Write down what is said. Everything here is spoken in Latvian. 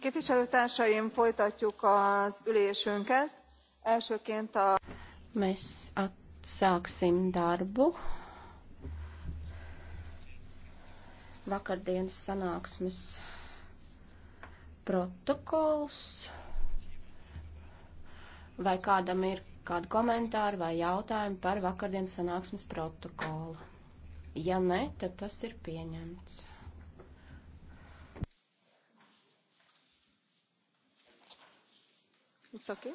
Képviselőtársaim, folytatjuk az ülésünket. Elsőként a... Mēs atsāksim darbu. Vakardienas sanāksmes protokols. Vai kādam ir kādi komentāri vai jautājumi par vakardienas sanāksmes protokolu? Ja ne, tad tas ir pieņemts. it's okay.